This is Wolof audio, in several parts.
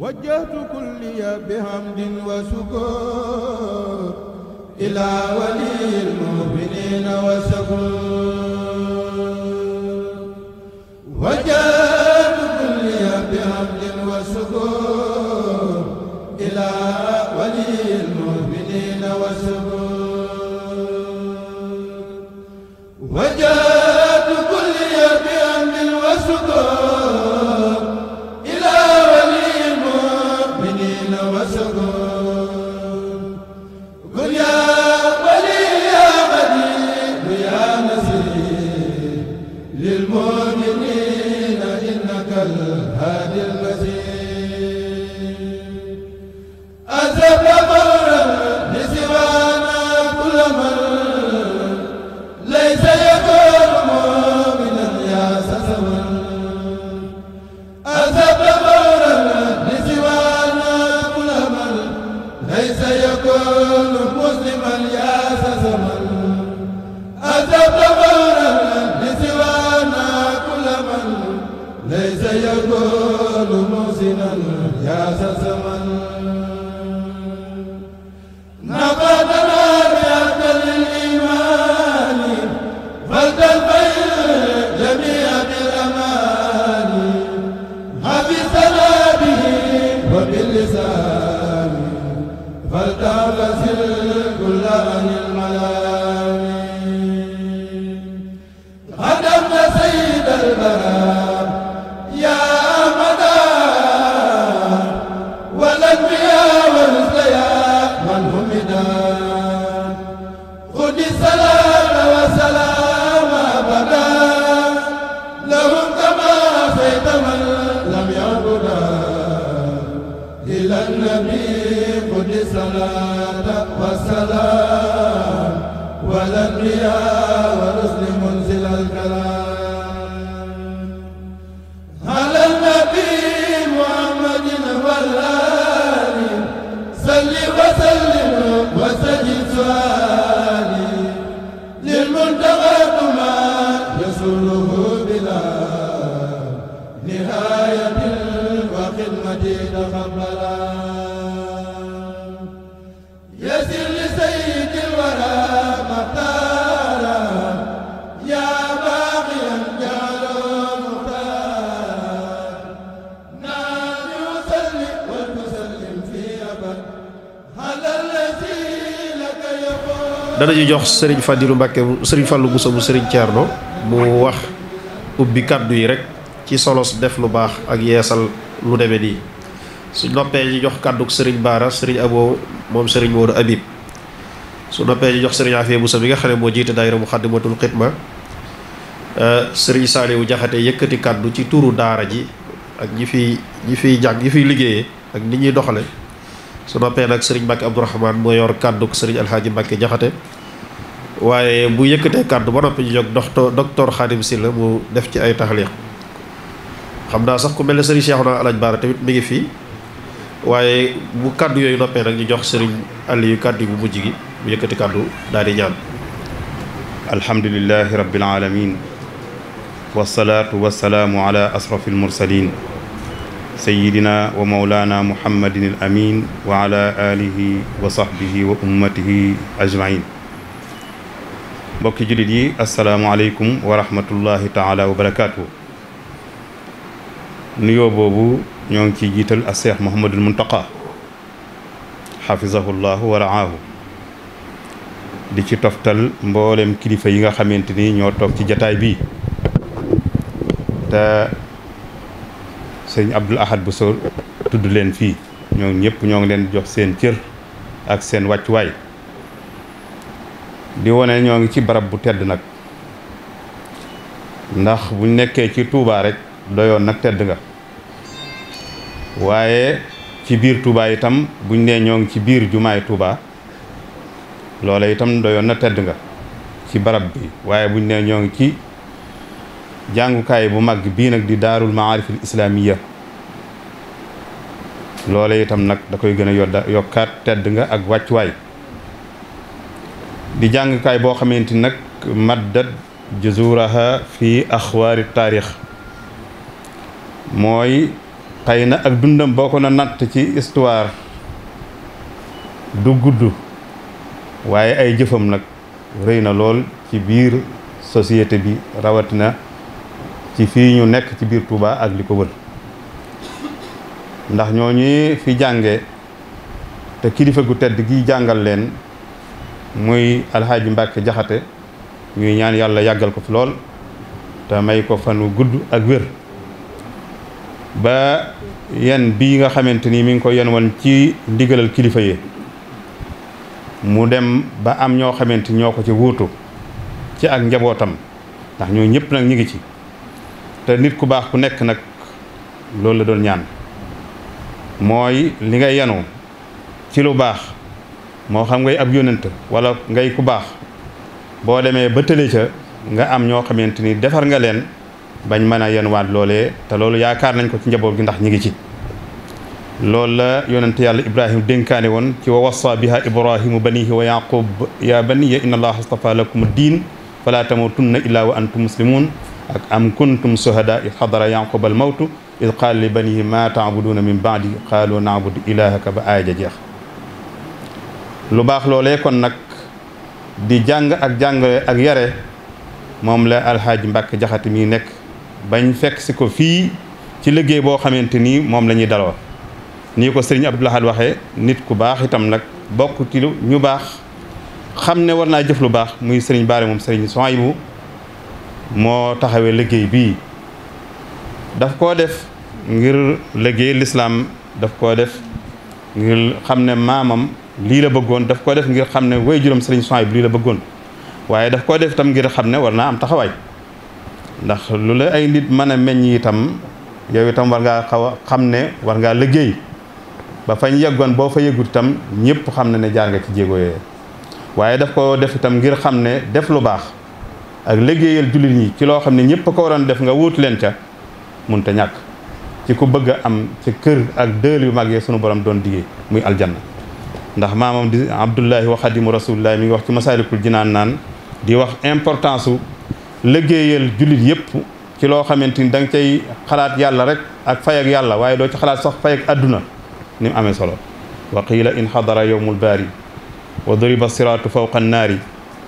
wajjahtu kulliya bihamdin wa sukur ila waliyil mu'minina wa sukur wajjahtu kulliya bihamdin wa sukur ila waliyil mu'minina wa sukur ba dana danañu jox sëriñ Fadilou Mbacke sëriñ Fallou Bousso bu sëriñ Thierno mu wax ubbi kàddu yi rek ci solos def lu baax ak yeesal lu demee nii su noppee ñu jox kàdduk sëriñ Baara sëriñ Abo moom sëriñ Modou Habib su noppee ñu jox sëriñ Afia Bousso bi nga xam moo jiite daayira Muxaddamatul ma euh, sëriñ Saliou Jaxate yëkkati kàddu ci turu daara ji ak ñi fiy ñi fiy jàng ñi fiy liggéeyee ak nit ñuy doxale su noppee nag sëriñ Mbàkke Abdourahmane moo yor kàddu sëriñ Alxaaji Mbàkke Jaxate waaye bu yëkkatee kàddu ba noppi ñu jóg docteur docteur Xaadim Sylla mu def ci ay taxliq xam sax ku mel ne sëriñ Cheikhouna Alaj mi ngi fii waaye bu kàddu yooyu noppee nag ñu jox sëriñ Aliou kàddu bu mujj gi mu yëkkati kàddu daal di ñaan alhamdulilahi rabbil alamin wasalaatu wasalaamu ala asrafi almursalin sayidina wa mawlana muhammadin amin wa ala wa sahbihi wa ummatihi ajmain mbokki jullit yi asalaamualeykum wa rahmatullahi taala wa barakaatu nuyoo boobu ñoo ngi ciy jiital a seex muhammadul muntaqa xafizahu llahu wa raahu di ci toftal mboolem kilifa yi nga xamante ni ñoo toog ci jataay bi sëñ Abdoul Ahad bu sóor tudd leen fii ñoo ñëpp ñoo ngi leen jox seen cër ak seen wàccuwaay di wane ñoo ngi ci barab bu tedd nag ndax buñ nekkee ci tuubaa rekk doyoon nag tedd nga waaye ci biir Touba itam buñ nee ñoo ngi ci biir jumaay Touba loola itam doyoon na tedd nga ci barab bi waaye buñ nee ñoo ngi ci jàngukaay bu mag bii nag di daarul maarif al islaamiya loole itam nag da koy gën a yodda yokkaat tedd nga ak wàccuwaay di jàngkaay boo xamante nag maddat jazuraha fi axwaari taarix mooy xëy na ak dundam boo ko na natt ci histoire du gudd waaye ay jëfam nag rëy na lool ci biir société bi rawatina ci fii ñu nekk ci biir Touba ak li ko wër ndax ñooñu fi jànge te kilifa gu tedd gi jàngal leen muy alxaaji Mbàkke jaxate ñuy ñaan yàlla yàggal ko fi lool te may ko fan gudd ak wér ba yen bii nga xamante ni mi ngi ko yen woon ci ndigalal kilifa yi mu dem ba am ñoo xamante ñoo ko ci wuutu ci ak njabootam ndax ñoo ñëpp nag ñu ngi ci te nit ku baax ku nekk nag loolu la doon ñaan mooy li ngay yenu ci lu baax moo xam ngay ab yónnent wala ngay ku baax boo demee ba tële ca nga am ñoo xamante ni defar nga leen bañ man a yenuwaat loolee te loolu yaakaar nañ ko ci njaboot gi ndax ñi ngi ci loolu la yonent yàlla ibrahima dénkaane woon ci wa wasa biha ibrahimu banihi wa yaqub ya baniya inna allaha astafa lakum diin fala tamutunna illa wa antum muslimun ak am kuntum shuhada id xadara yaquba al mawtu id qaal li banihi ma taabuduuna min baadi qaalu naabudu ilahaka ba aaya jeex lu baax loolee kon nag di jàng ak jàngale ak yare moom la alxaaji mbakk Jaxate mii nekk bañ fekk si ko fii ci liggéey boo xamante ni moom la ñuy daloo nii ko sëriñ Abdul Ahad waxee nit ku baax itam nag bokk ci ñu baax xam ne war naa jëf lu baax muy sëriñ Baare moom sëriñ Sohaybu moo taxawee liggéey bii daf koo def ngir liggéey lislaam daf koo def ngir xam ne maamam lii la bëggoon daf koo def ngir xam ne way juróom sëriñ Suhaybu lii la bëggoon waaye daf koo def itam ngir xam ne war naa am taxawaay ndax lu ay nit mën meññ itam yow war ngaa xaw a xam ne war ngaa liggéey ba yeggoon boo fa yëgut itam xam na ne jaar nga ci jéego waaye daf ko def itam ngir xam ne def lu baax ak liggéeyal jullit ñi ci loo xam ne ñëpp ko waroon def nga wuutu leen ca mënta ñàkk ci ku bëgg am ci kër ak dël yu mag yee sunu borom doon digee muy aljanna ndax maamam di abdullahi wa xadimu rasulillahi mi ngi wax ci masaalikul jinaan naan di wax importance su liggéeyal jullit yépp ci loo xamante ni da nga cay xalaat yàlla rek ak fay ak yàlla waaye doo ci xalaat sax fay ak àdduna ni mu amee solo wa qiila in xadara yowmul baari wa duriba siraatu fawqa annaari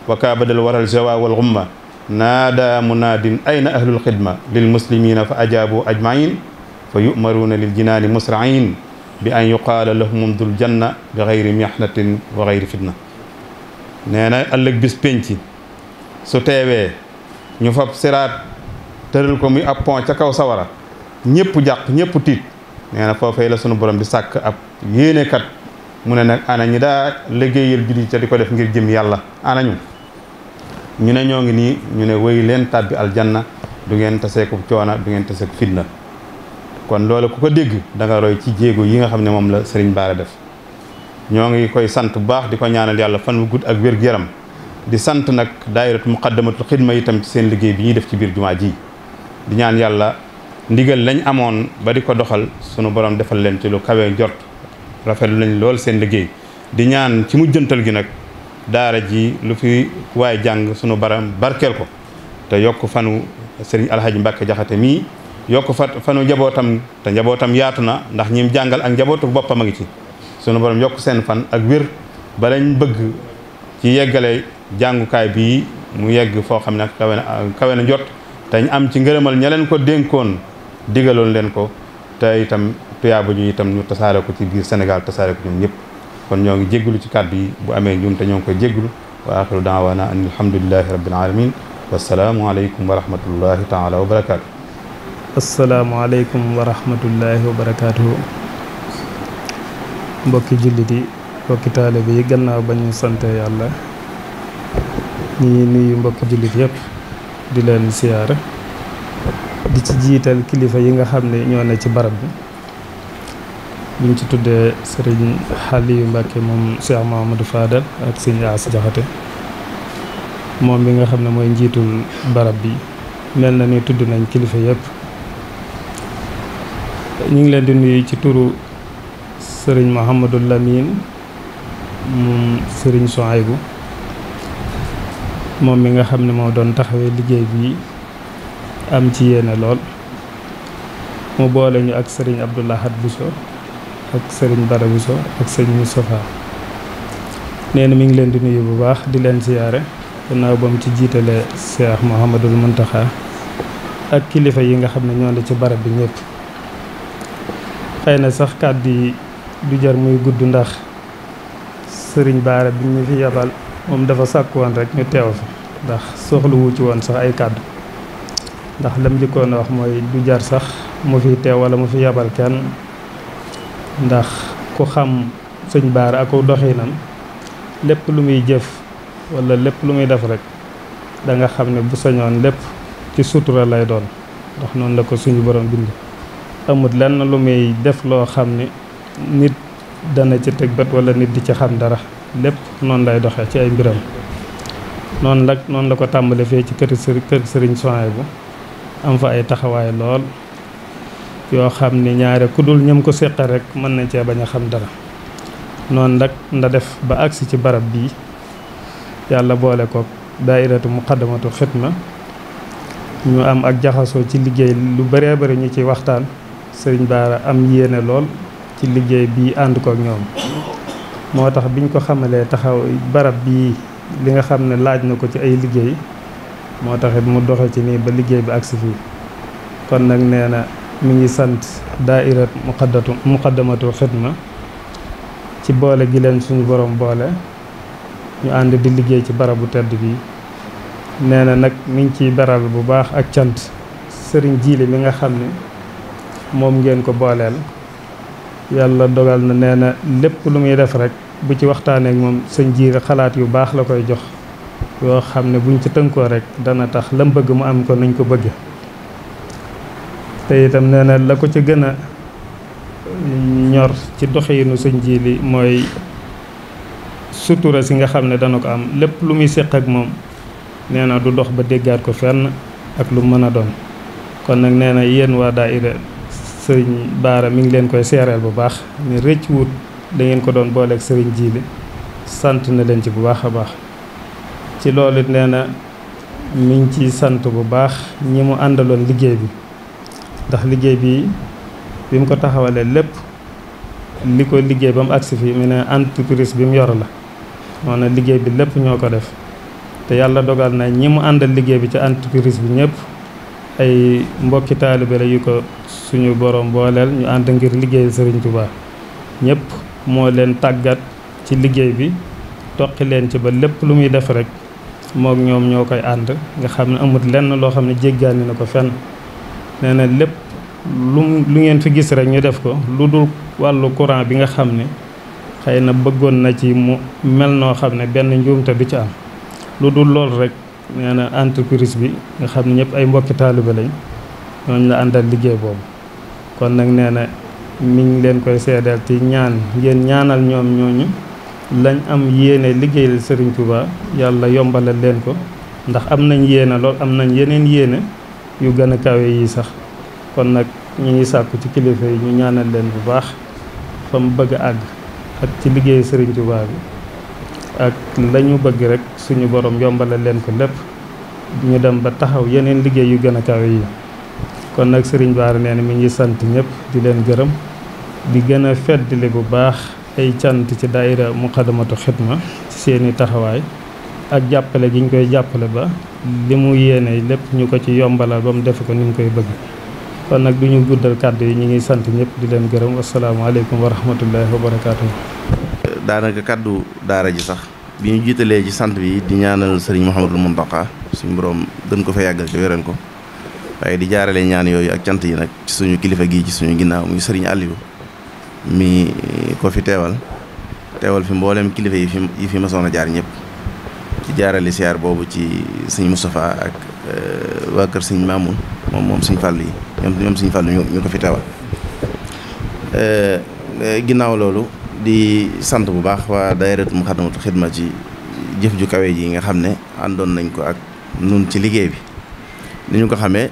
wa kaabadal waral jawa wal gumma naada munaadin ayna ahlul xidma lil muslimina fa ajaabu ajmain fa yumaruuna lil jinaani musrain bi an yuqaala lahum dul janna bi xayri mihnatin wa xayri fitna nee na ëllëg bis pénc su teewee ñu fa siraat tëral ko muy ab pont ca kaw sawara ñëpp jàq ñëpp tiit nee na foofee la sunu borom di sàkk ab yéenekat mu ne nag ana ñi daa liggéeyal jullit ca di ko def ngir jëm yàlla ana ñu ne ñoo ngi nii ñu ne wéy leen tàbbi aljanna du ngeen taseeku coona du ngeen taseeku fitna kon loole ku ko dégg da nga roy ci jéego yi nga xam ne moom la Sëriñ Baara def ñoo ngi koy sant bu baax di ko ñaanal yàlla fan wu gudd ak wér-gu-yaram di sant nag daayiratu muqaddamatul xidma itam ci seen liggéey bi ñuy def ci biir jumaa ji di ñaan yàlla ndigal lañ amoon ba di ko doxal sunu borom defal leen ci lu kawe jot rafetlu nañ lool seen liggéey di ñaan ci mujjantal gi nag daara ji lu fi waay jàng sunu baram barkeel ko te yokk fanu sëriñ alhaji Mbàkke jaxate mii yokk fa fanu njabootam te njabootam yaatu na ndax ñim jàngal ak njabootu boppam a ngi ci sunu baram yokk seen fan ak wér ba lañ bëgg ci yeggale jàngukaay bii mu yegg foo xam ne ak kawe na kawe jot te am ci ngërëmal ña ko dénkoon digaloon leen ko te itam tuyaabu ñu itam ñu tasaare ko ci biir Sénégal tasaare ko ñun ñëpp kon ñoo ngi jégglu ci kàddu bi bu amee njuum te ñoo ngi koy jégglu wa axiru daawaana an alhamdulilahi rabbil alamin wasalaamu aleykum wa rahmatullahi taala mbokki jullit yi mbokki taalibe gannaaw ba ñu sante yàlla ñi nuyu mbokki jullit yépp di leen siyaara di ci jiital kilifa yi nga xam ne ñoo ne ci barab bi buñ ci tuddee sëriñ Xaliyu Mbàkke moom Cheikh Mahamadou Fadal ak sëriñ As Jaxate moom bi nga xam ne mooy njiitul barab bi mel na ni tudd nañ kilifa yëpp ñu ngi leen di nuyu ci turu sëriñ Mouhamadou Lamine moom sëriñ Soaybu moom mi nga xam ne moo doon taxawee liggéey bi am ci yéene lool mu boole ñu ak sëriñ Abdoul Ahad Bousso ak sëriñ Bada so ak sëriñ Moustapha nee na mi ngi leen di nuyu bu baax di leen siyaare gannaaw ba mu ci jiitale Cheikh Mouhamadul Mountakha ak kilifa yi nga xam ne ñoo ne ci barab bi ñëpp xëy na sax kàddu yi du jar muy gudd ndax sëriñ Baara bi ñu fi yabal moom dafa sàkkuwoon rek ñu teew fi ndax soxlu wu ci woon sax ay kàddu ndax lam njëkkoon a wax mooy du jar sax mu fi teew wala mu fi yabal kenn ndax ku xam sëñ baara ak doxinam lépp lu muy jëf wala lépp lu muy def rek da nga xam ne bu sañoon lépp ci sutura lay doon ndox noonu la ko suñu borom bind amut lenn lu muy def loo xam ne nit dana ci teg bët wala nit di ci xam dara lépp noon lay doxee ci ay mbiram noonu la noonu la ko tàmbale fee ci kër sëriñ kër sëriñ Souhaïbou am fa ay taxawaay lool yoo xam ni ñaare ku dul ñam ko séqal rek mën nañ cee bañ a xam dara noonu nag nda def ba agsi ci barab bii yàlla boole ko daairatu muqaddamatu xidma ñu am ak jaxasoo ci liggéey lu bëree bëri ñu ci waxtaan sëriñ Baara am yéene lool ci liggéey bii ànd ko ak ñoom moo tax bi ñu ko xamalee taxaw barab bii li nga xam ne laaj na ko ci ay liggéey moo taxit mu doxe ci nii ba liggéey bi agsi fii kon nag nee na mu ngi sant daa daaira muqaddatu muqaddamatu xidma ci boole gi leen suñu boroom boole ñu ànd di liggéey ci barabu tedd bi nee na nag mu ngi ciy beral bu baax ak cant sëriñ jiili mi nga xam ne moom ngeen ko booleel yàlla dogal na nee na lépp lu muy def rek bu ci waxtaaneek moom sëñ jiiri xalaat yu baax la koy jox yoo xam ne buñ ci tënkoo rek dana tax lam bëgg mu am ko nañ ko bëgg te itam nee na la ko ca gën a ñor ci doxinu sëñ ji li mooy sutura si nga xam ne dana ko am lépp lu muy séq ak moom nee na du dox ba déggaat ko fenn ak lu mën a doon kon nag nee na yéen waa daayira sëriñ baara mi ngi leen koy seereel bu baax ni rëcc wut da ko doon booleeg sëriñ jiili sant na leen ci bu baax a baax ci loolu it nee na mi ngi ciy sant bu baax ñi mu àndaloon liggéey bi ndax liggéey bi bi mu ko taxawalee lépp li ko liggéey ba mu agsi fii mu ne entreprise bi mu yor la moo ne liggéey bi lépp ñoo ko def te yàlla dogal na ñi mu àndal liggéey bi ci entreprise bi ñëpp ay mbokki taalibe la yu ko suñu borom booleel ñu ànd ngir liggéey Sëriñ Tuubaa ñëpp moo leen tàggat ci liggéey bi toqi leen ci ba lépp lu muy def rek mook ñoom ñoo koy ànd nga xam ne amut lenn loo xam ne jéggaani na ko fenn nee na lépp lu lu ngeen fi gis rek ñu def ko lu dul wàllu courant bi nga xam ne xëy na bëggoon na ci mu mel noo xam ne benn njuumte du ci am lu dul lool rek nee na entreprise bi nga xam ne ñëpp ay mbokki taaliba lañ ñooñu la àndal liggéey boobu kon nag nee na mi ngi leen koy seedeel ci ñaan ngeen ñaanal ñoom ñooñu lañ am yéene liggéeyal Serigne Touba yàlla yombalal leen ko ndax am nañ yéene lool am nañ yeneen yéene yu gën a kawe yi sax kon nag ñu ngi sàkku ci kilifa yi ñu ñaanal leen bu baax fa mu bëgg a àgg ak ci liggéey Sëriñ Tuubaa bi ak lañu bëgg rek suñu borom yombalal leen ko lépp ñu dem ba taxaw yeneen liggéey yu gën a kawe yi kon nag Sëriñ Bara nee na mi ngi sant ñëpp di leen gërëm di gën a feddali bu baax ay cant ci daayira Muqaddamatul Xidma ci seeni taxawaay ak jàppale gi ñu koy jàppale ba hmm. li mu yéene lépp ñu ko ci yombalal ba mu defe ko ni mu koy bëgg kon nag du ñu guddal kàddu yi ñu ngi sant ñëpp di leen gërëm wasalaamaaleykum wa rahmatullahi wa barakaatu. daanaka kàddu daara ji sax bi ñu jiitalee ci sant bi di ñaanal sëriñ Mouhamadul Mountakha suñu borom gën ko fa yàggal ci wéral ko waaye di jaarale ñaan yooyu ak cant yi nag suñu kilifa gii ci suñu ginnaaw muy sëriñ Aliou mi ko fi teewal teewal fi mboolem kilifa yi fi yi jaar ñëpp. di jaarale siyaar boobu ci sëñ Moustapha ak euh, waa kër sëñ Mamoun moom moom sëñ Fàllu yi ñoom ñoom sëñ Fàllu ñu ko fi tawal euh, euh, ginnaaw loolu di sant bu baax waa daayiratu Muxaddamatul Xidma ci jëf ju kawe ji nga xam ne àndoon nañ ko ak nun ci liggéey bi ni ñu ko xamee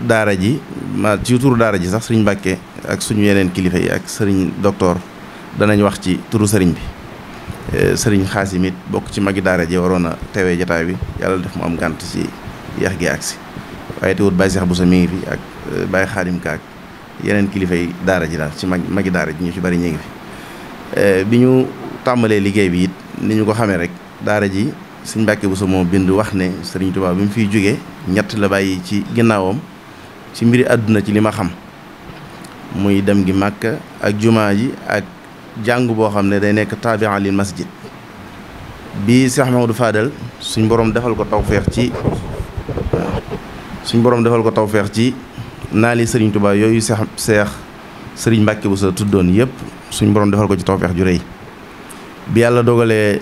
daara ji ma ci turu daara ji sax sëriñ Mbàkke ak suñu yeneen kilifa yi ak sëriñ docteur danañ wax ci turu sëriñ bi sëriñ Xaasim it bokk ci magi daara ji waroon a tewee jataay bi yàlla def mu am gànt ci yeex gi agsi waaye teewut Baye Cheikh Bousso mi ngi fi ak euh, Baye Xaadim Ka ak yeneen kilifa yi daara ji daal ci mag magi daara ji ñu ci bari ñu ngi fi euh, bi ñu tàmbalee liggéey bi it ni ñu ko xamee rek daara ji sëñ Mbàkke Bousso moo bind wax ne sëriñ Tuubaa bi mu fiy jóge ñett la bàyyi ci ginnaawam ci mbiri àdduna ci li ma xam muy dem gi màkk ak jumaa ji ak jàng boo xam ne day nekk taabian lil masjid bi Cheikh Mamadou Fadal suñ borom defal ko tawfeex ci suñ borom defal ko tawfeex ci naa li sëriñ Touba yooyu seex Cheikh sëriñ Mbàkke bu sa tuddoon yëpp suñ borom defal ko ci tawfeex ju rëy bi yàlla dogalee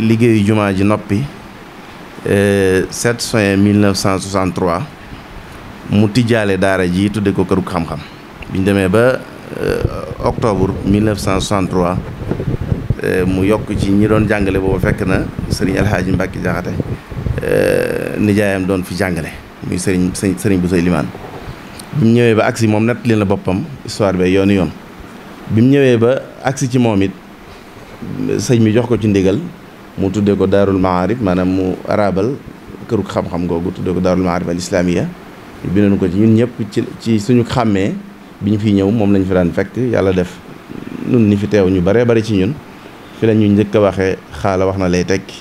liggéeyu jumaa ji noppi 7 e, juin 1963 mu tijjaale daara ji tudde ko kërug xam-xam biñ demee ba e, octobre 1963 eh, mu yokk ci ñi doon jàngale boobu fekk na sëriñ Alxaaji Mbàkke Jaxate eh, nijaayam doon fi jàngale muy sëriñ sëriñ Busoy Limaan bi mu ñëwee ba agsi moom nettali na boppam histoire bi yoonu yoon bi mu ñëwee ba agsi ci moom it sëñ mi jox ko ci ndigal mu tuddee ko daarul maarif maanaam mu arabal këru xam-xam googu tuddee ko daarul maarif al islamiya bindoon ko ci ñun ñëpp ci ci suñu xàmmee bi ñu fiy ñëw moom lañu fi daan fekk yàlla def nun ni fi teew ñu baree bari ci ñun fi la ñu njëkk a waxee xaala wax na lay tekki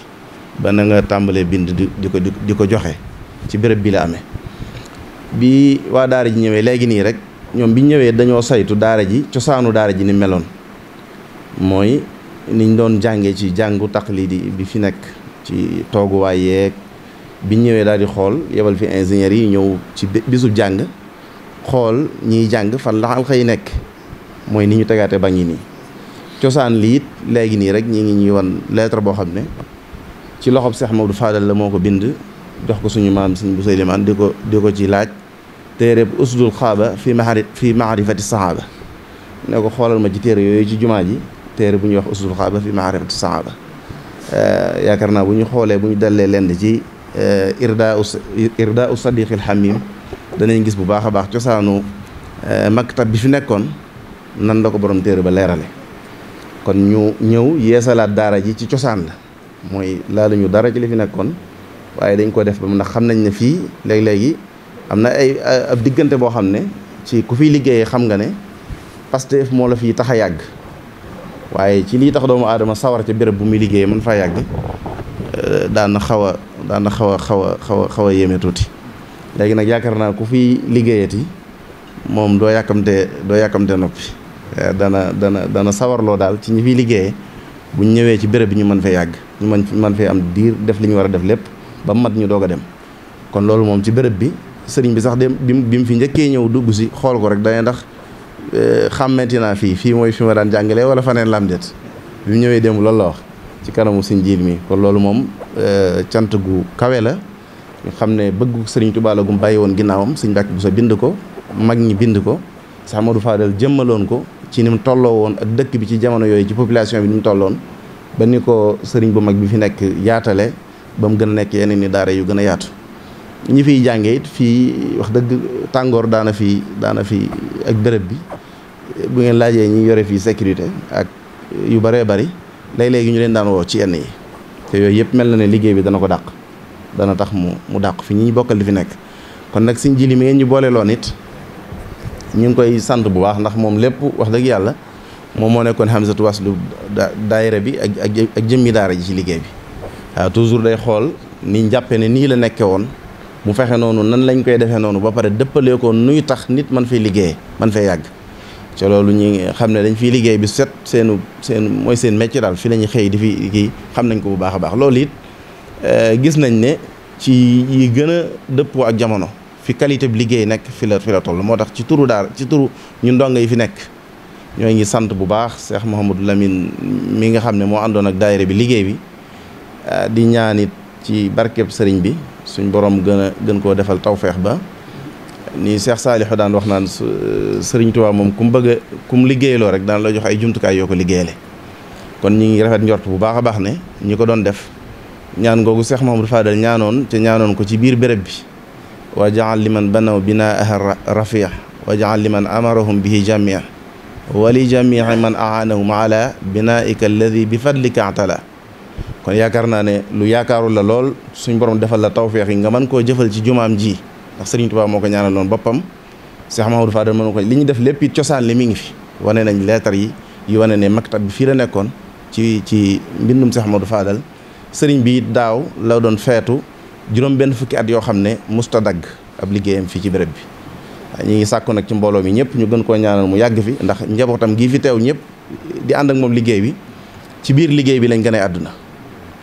ba na nga tàmbalee bind di ko di ko joxe ci béréb bi la amee bi waa daara ji ñëwee léegi nii rek ñoom bi ñëwee dañoo saytu daara ji cosaanu daara ji ni meloon mooy niñ doon jàngee ci jàngu lii di bi fi nekk ci tooguwaay yeeg bi ñëwee daal di xool yebal fi ingénieurs yi ñëw ci bisub jàng xool ñiy jàng fan la alxa nekk mooy ni ñu tegaate ba ngi nii cosaan liit léegi nii rek ñi ngi ñuy wan lettre boo xam ne ci loxob Seex Maodo Fadal la moo ko bind jox ko suñu maam suñ bu Souleymane di ko di ko ci laaj téere bu usdul xaaba fi maari fi maarifati saxaaba ne ko xoolal ma ci téere yooyu ci jumaa ji téere bu ñuy wax usdul xaaba fi maarifati saxaaba eh, yaakaar naa bu ñu xoolee bu ñu dallee lenn ci irda irda u sadiqil xamim danay gis bu baax a baax cosaanu eh, maktab bi fi nekkoon nan la ko borom téere ba leerale kon ñu ñëw yeesalaat daara ji ci cosaan la mooy ñu dara ci li fi nekkoon waaye dañ ko def ba mu ndax xam nañ ne fii léeg-léegi am na ay ab diggante boo xam ne ci ku fiy liggéeyee xam nga ne Pastef moo la fii tax a yàgg waaye ci lii tax doomu aadama sawar ca béréb bu muy liggéeyee mën faa yàgg eh, daan na xaw a daan na xaw a xaw a xaw xaw a yéeme tuuti. léegi nag yaakaar naa ku fi liggéeyati moom doo yàkkamte doo yàkkamte noppi eh, dana dana dana sawarloo daal ci ñi fiy liggéeyee bu ñëwee ci béréb bi ñu mën fee yàgg ñu mën mën fee am diir def li ñu war a def lépp ba mu mat ñu doog a dem kon loolu moom ci béréb bi sëriñ bi sax de bi mu fi njëkkee ñëw dugg si xool ko rek dañuy ndax eh, xàmmenti naa fii fii mooy fi ma daan jàngalee wala faneen lam deet bi mu ñëwee dem loolu la wax ci kanamu si jiil mii kon loolu moom eh, cant gu kawe la ñu xam ne bëggu sëriñ Tuubaa la gum bàyyi woon ginnaawam sëñ Mbàkke Buso bind ko mag ñi bind ko sax Modou Fadel jëmmaloon ko ci ni mu tolloo woon ak dëkk bi ci jamono yooyu ci population bi ni tolloon ba ni ko sëriñ bu mag bi fi nekk yaatale ba mu gën a nekk yeneen ni daara yu gën a yaatu ñi fiy jànge fii wax dëgg tàngoor daana fi daana fi ak béréb bi bu ngeen laajee ñi yore fii sécurité ak yu bëree bëri léeg-léegi ñu leen daan woo ci yenn yi te yooyu yëpp mel na ne liggéey bi dana ko dàq dana tax mu mu dàq fi ñuy bokkal di fi nekk kon nag suñ jili mi ngeen ñu boole loo it ñu ngi koy sant bu baax ndax moom lépp wax dëgg yàlla moom moo nekkoon Hamzatou Waslu daayira bi ak ak ak jëmmi daara ji liggéey bi toujours day xool ni jàppee ne nii la nekke woon mu fexe noonu nan lañ koy defee noonu ba pare dëppalee ko nuy tax nit man fay liggéeyee man fay yàgg ci loolu ñi xam ne dañ fiy liggéey bi set seenu seen mooy seen métier daal fi la ñuy xëy di fi kii xam nañ ko bu baax a baax loolu it Euh, gis nañ ne ci yi gën a dëppoo ak jamono fi qualité bi liggéey nekk fi la fi la toll moo tax ci turu daar ci turu ñu ndongo yi fi nekk ñoo ngi sant bu baax seex Mouhamadou Lamine mi nga xam ne moo àndoon ak daayira bi liggéey bi euh, di ñaanit ci barkeb sëriñ bi suñ borom gën a gën koo defal tawfeex ba nii ni Cheikh Saliou daan wax naan sëriñ euh, Tuubaa moom ku mu bëgg a ku liggéeyloo rek daan la jox ay jumtukaay yoo ko liggéeyale kon ñu ngi rafet njort bu baax a baax ne ñi ko doon def ñaan googu Seex Mahamadu Fadal ñaanoon te ñaanoon ko ci biir béréb bi li man liman banaw binaaha rafia wa jaal liman amarahum bihi jamia wa li jamii man aanahum ala binaika alladi bi fadlika atala kon yaakaar naa ne lu yaakaarul la lool suñ borom defal la tawféex yi nga mën koo jëfal ci jumaam ji ndax Sëriñ Tuubaa moo ko ñaanaloon boppam Seex Mahamadu Fadal mënu ko li ñu def lépp it cosaan li mi ngi fi wane nañ leetar yi yi wane ne maktab bi fii la nekkoon ci ci mbindum Seex Mahamadu Fadal sëriñ bi daaw la doon feetu juróom benn fukki at yoo xam ne musta dagg ab liggéeyam fii ci béréb bi ñu ngi sàkku nag ci mbooloo mi ñëpp ñu gën koo ñaanal mu yàgg fi ndax njabootam gii fi teew ñëpp di ànd ak moom liggéey bi ci biir liggéey bi lañ gën àdduna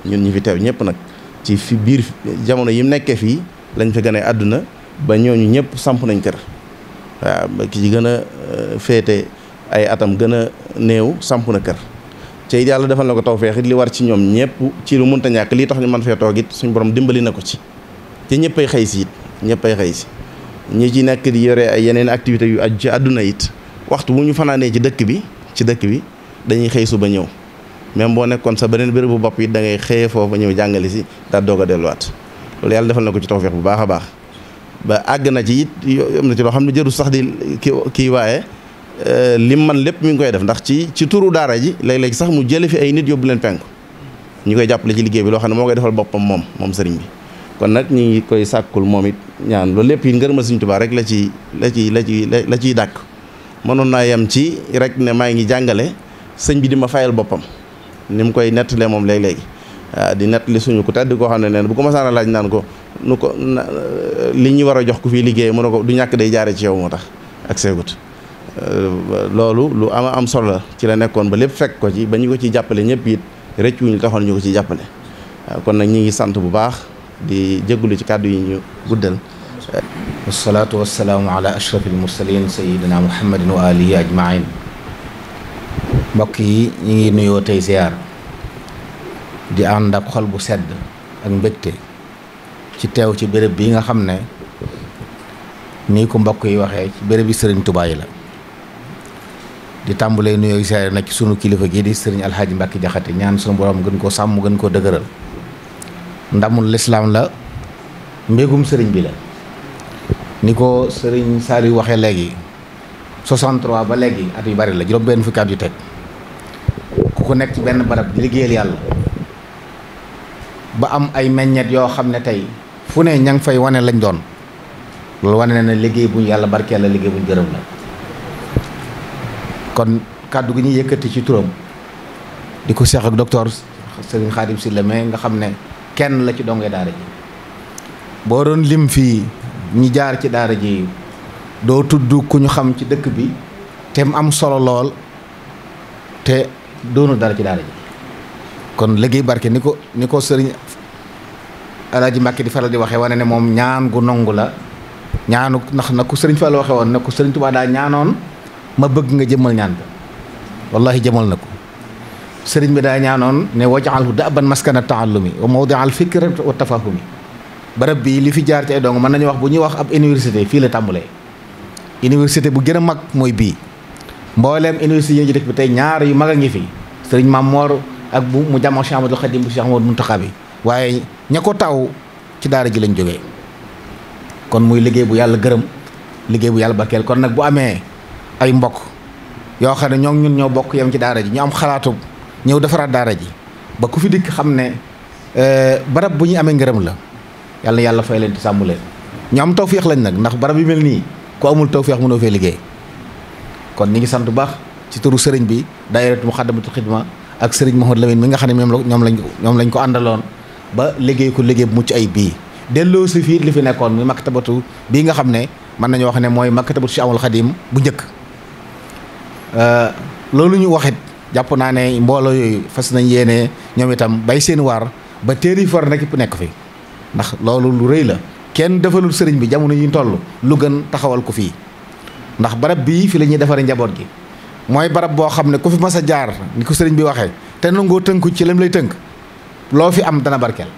ñun ñi fi teew ñëpp nag ci fi biir jamono yim nekkee fii lañ fi gën àdduna ba ñooñu ñëpp samp nañ kër waaw ki ci gën a euh, féete ay atam gën a néew samp na kër te yàlla defal na ko tawfeex it li war ci ñoom ñëpp ci lu mun munta ñàkk lii tax ñu man fee toog it suñ borom dimbali na ko ci te ñëppay xëy si it ñëppay xëy si ñi ci nekk di yore ay yeneen activités yu aju ci àdduna it waxtu wu ñu fanaanee ci dëkk bi ci dëkk bi dañuy xëy suba ñëw même boo nekkoon sa beneen bérébu bopp it da ngay xëyee foofa ñëw jàngale si daal doog delluwaat loolu yàlla defal na ko ci tawfeex bu baax a baax ba àgg na ci it am na ci xam ne jëru sax di kii kii waaye Euh, lim man lépp mi ngi koy def ndax ci ci turu daara ji léeg-léeg sax mu jële fi ay nit yóbbu leen penk ñu koy jàppale ci liggéey bi loo xam ne moo koy defal boppam moom moom sëriñ bi kon nag ñu ngi koy sàkkul moom it ñaan loolu lépp yi ngërëma Sëriñ Tuubaa rek la ci la ci la ci la ciy dàkk mënoon naa yem ci rek ne maa ngi jàngale sëñ bi di ma fayal boppam ni mu koy nettalee moom léeg-léegi ah, di nettali suñu ku tedd koo xam ne bu ko masaan a laaj naan ko nu ko li ñu war a jox ku fi liggéey mu ne ko du ñàkk day jaare ci yow moo tax ak seegut Euh, loolu lu ama am solo la ci la nekkoon ba lépp fekk ko ci ba ñu ko ci jàppale ñëpp it rëccu ñu taxoon ñu ko ci jàppale euh, kon nag ñi ngi sant bu baax di jégalu ci kàddu yi ñu guddal wasalaatu wasalaamu ala ashrafil mursalin sayidina muhammadin wa alihi ajmain mbokk yi ñu ngi nuyoo tey ziar di ànd ak xol bu sedd ak mbégte ci teew ci bërëb bi nga xam ne nii ko mbokk yi waxee ci bërëb yi sëriñ Tuubaa la di tàmbalee nuyoo siyaare nag ci sunu kilifa gii di sëriñ alxaaji mbàkki jaxate ñaan sunu borom gën koo sàmm gën koo dëgëral ndamu lislaam la mbégum sëriñ bi la ni ko sëriñ Saliou waxee léegi 63 ba léegi at yu bari la juróom benn fukki at yu teg ku ko nekk ci benn barab di liggéeyal yàlla ba am ay meññet yoo xam ne tey fu ne ña ngi fay wane lañ doon loolu wane na liggéey bu ñu yàlla barkeel la liggéey bu ñu gërëm la kon kàddu gi ñuy yëkkati ci turam di ko seex ak docteur Serigne Khadim Sylla mais nga xam ne kenn la ci dongee daara ji boo doon lim fii ñi jaar ci daara ji doo tudd ku ñu xam ci dëkk bi te mu am solo lool te doonu dara ci daal ji kon liggéey barke ni ko ni ko sëriñ Alaaji Mbàkke di faral di waxee wane ne moom ñaan gu nongu la ñaanu ndax na ko sëriñ Fall waxee woon na ko sëriñ Tuubaa daa ñaanoon ma bëgg nga jëmal ñaan ba wallahi jëmal na ko sëriñ bi daa ñaanoon ne wajaxalhu daaban maskana taallumi wa mawdia al fikr wa tafahumi barab bii li fi jaar ci ay dong mën nañu wax bu ñuy wax ab université fii la tàmbulee université bu gën a mag mooy bii mbooleem université yi ñu dëkk bi tey ñaar yu mag a ngi fi sëriñ Maam Moor ak bu mu jàmm Cheikh Ahmadul Xadim bu Cheikh Ahmadul Muntaxa taxaabi waaye ña ko taw ci daara ji lañ jógee kon muy liggéey bu yàlla gërëm liggéey bu yàlla barkeel kon nag bu amee ay mbokk yoo xam ne ñoo ñun ñoo bokk yem ci daara ji ñu xalaatu ñëw defaraat daara ji ba ku fi dikk xam ne euh, barab bu ñu amee ngërëm la yàlla yàlla fay leen te sàmm leen ñu am tawféex lañ nag ndax barab yu mel nii ku amul tawféex mënoo fee liggéey kon ñi ngi sant bu baax ci turu sëriñ bi daayiratu Muxaddamatul Xidma ak sëriñ Mouhamed Lamine mi nga xam ne ñoom la ñoom lañ ñoom lañ ko àndaloon ba liggéey ko liggéey bu mucc ay bii delloo si fii li fi nekkoon mi maktabatu bii nga xam ne mën nañu xam ne mooy maktabatu si amul xadim bu njëkk Euh, loolu ñu waxit jàpp naa ne mbooloo yooyu fas nañ yéene ñoom itam bay seen waar ba téere yi for nekk nekk fi ndax loolu lu rëy la kenn defarul sëriñ bi jamono yi ñu toll lu gën taxawal ko fii ndax barab bii fi la ñuy defaree njaboot gi mooy barab boo xam ne ku fi mas a jaar ni ko sëriñ bi waxee te nangoo tënku ci lam lay tënk loo fi am dana barkeel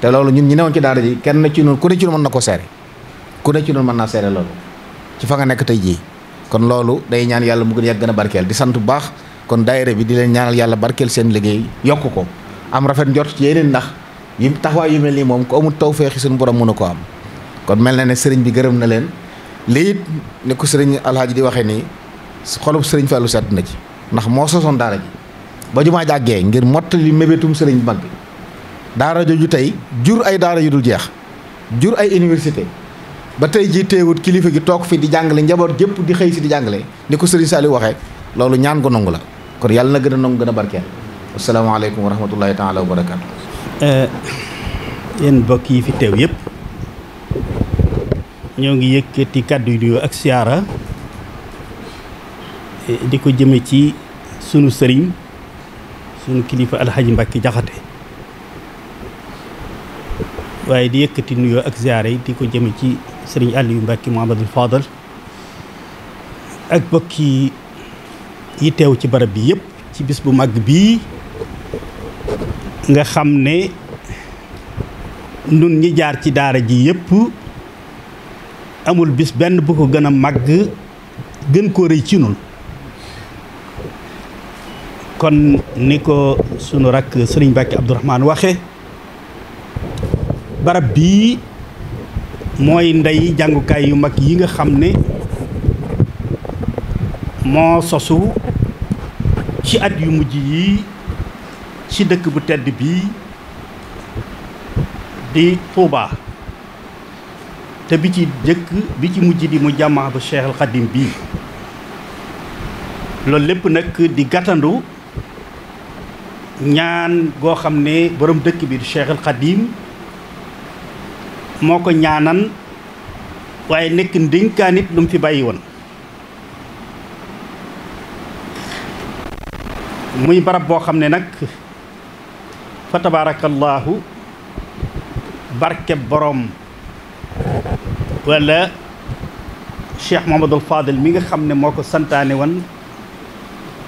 te loolu ñun ñu newoon ci daara ji kenn ci noonu ku ne ci noonu mën na ko seer ku ne ci noonu mën naa seere loolu ci fa nekk tey jii kon loolu day ñaan yàlla mu gën yàgg gën barkeel di sant bu baax kon daayira bi di leen ñaanal yàlla barkeel seen liggéey yokk ko am rafet njort ci yeneen ndax yi taxawaay yu mel nii moom ko amul tawfeexi suñu borom mën a ko am kon mel na ne sëriñ bi gërëm na leen lii ne ko sëriñ alhaaji di waxee nii xolub sëriñ Fallou sedd na ci ndax moo sosoon daara ji ba jumaa jàggee ngir mottali mébétum sëriñ mag bi daara jooju tey jur ay daara yu dul jeex jur ay université ba tey jii teewut kilifa gi toog fi di jàngale njaboot jépp di xëy si di jàngale ni ko sëriñ Saliou waxee loolu ñaan ko nangu la kon yàlla na gën a nangu gën a barkeel asalaamaaleykum wa rahmatullahi euh, yi fi teew yëpp ñoo ngi yëkkati kàddu yu nuyoo ak siyaara eh, di ko jëme ci sunu sëriñ sunu kilifa alxaji Mbàkke Jaxate waaye di yëkkati nuyoo ak siyaara yi di ko jëme ci sëriñ Aliou Mbacke Mouhamadul Fadal ak bokki yi teew ci barab bi yépp ci bis bu mag bii nga xam ne nun ñi jaar ci daara ji yépp amul bis benn bu ko gën a màgg gën koo rëy ci nun kon ni ko sunu rakk sëriñ Mbacke Abdourahmane waxe barab bii mooy ndey jàngukaay yu mag yi nga xam ni moo sosu ci at yu mujj yi ci dëkk bu tedd bii di Touba te bi ci jëkk bi ci mujj di mu jàmmaa bu Cheikh al Xadim bii loolu lépp nag di gàttandu ñaan goo xam ne borom dëkk bi di Cheikh al moo ko ñaanan waaye nekk ndénkaan it lu mu fi bàyyi woon muy barab boo xam ne nag fa tabaarakallaahu barke boroom wala Cheikh Mouhamadul Fadil mi nga xam ne moo ko santaane woon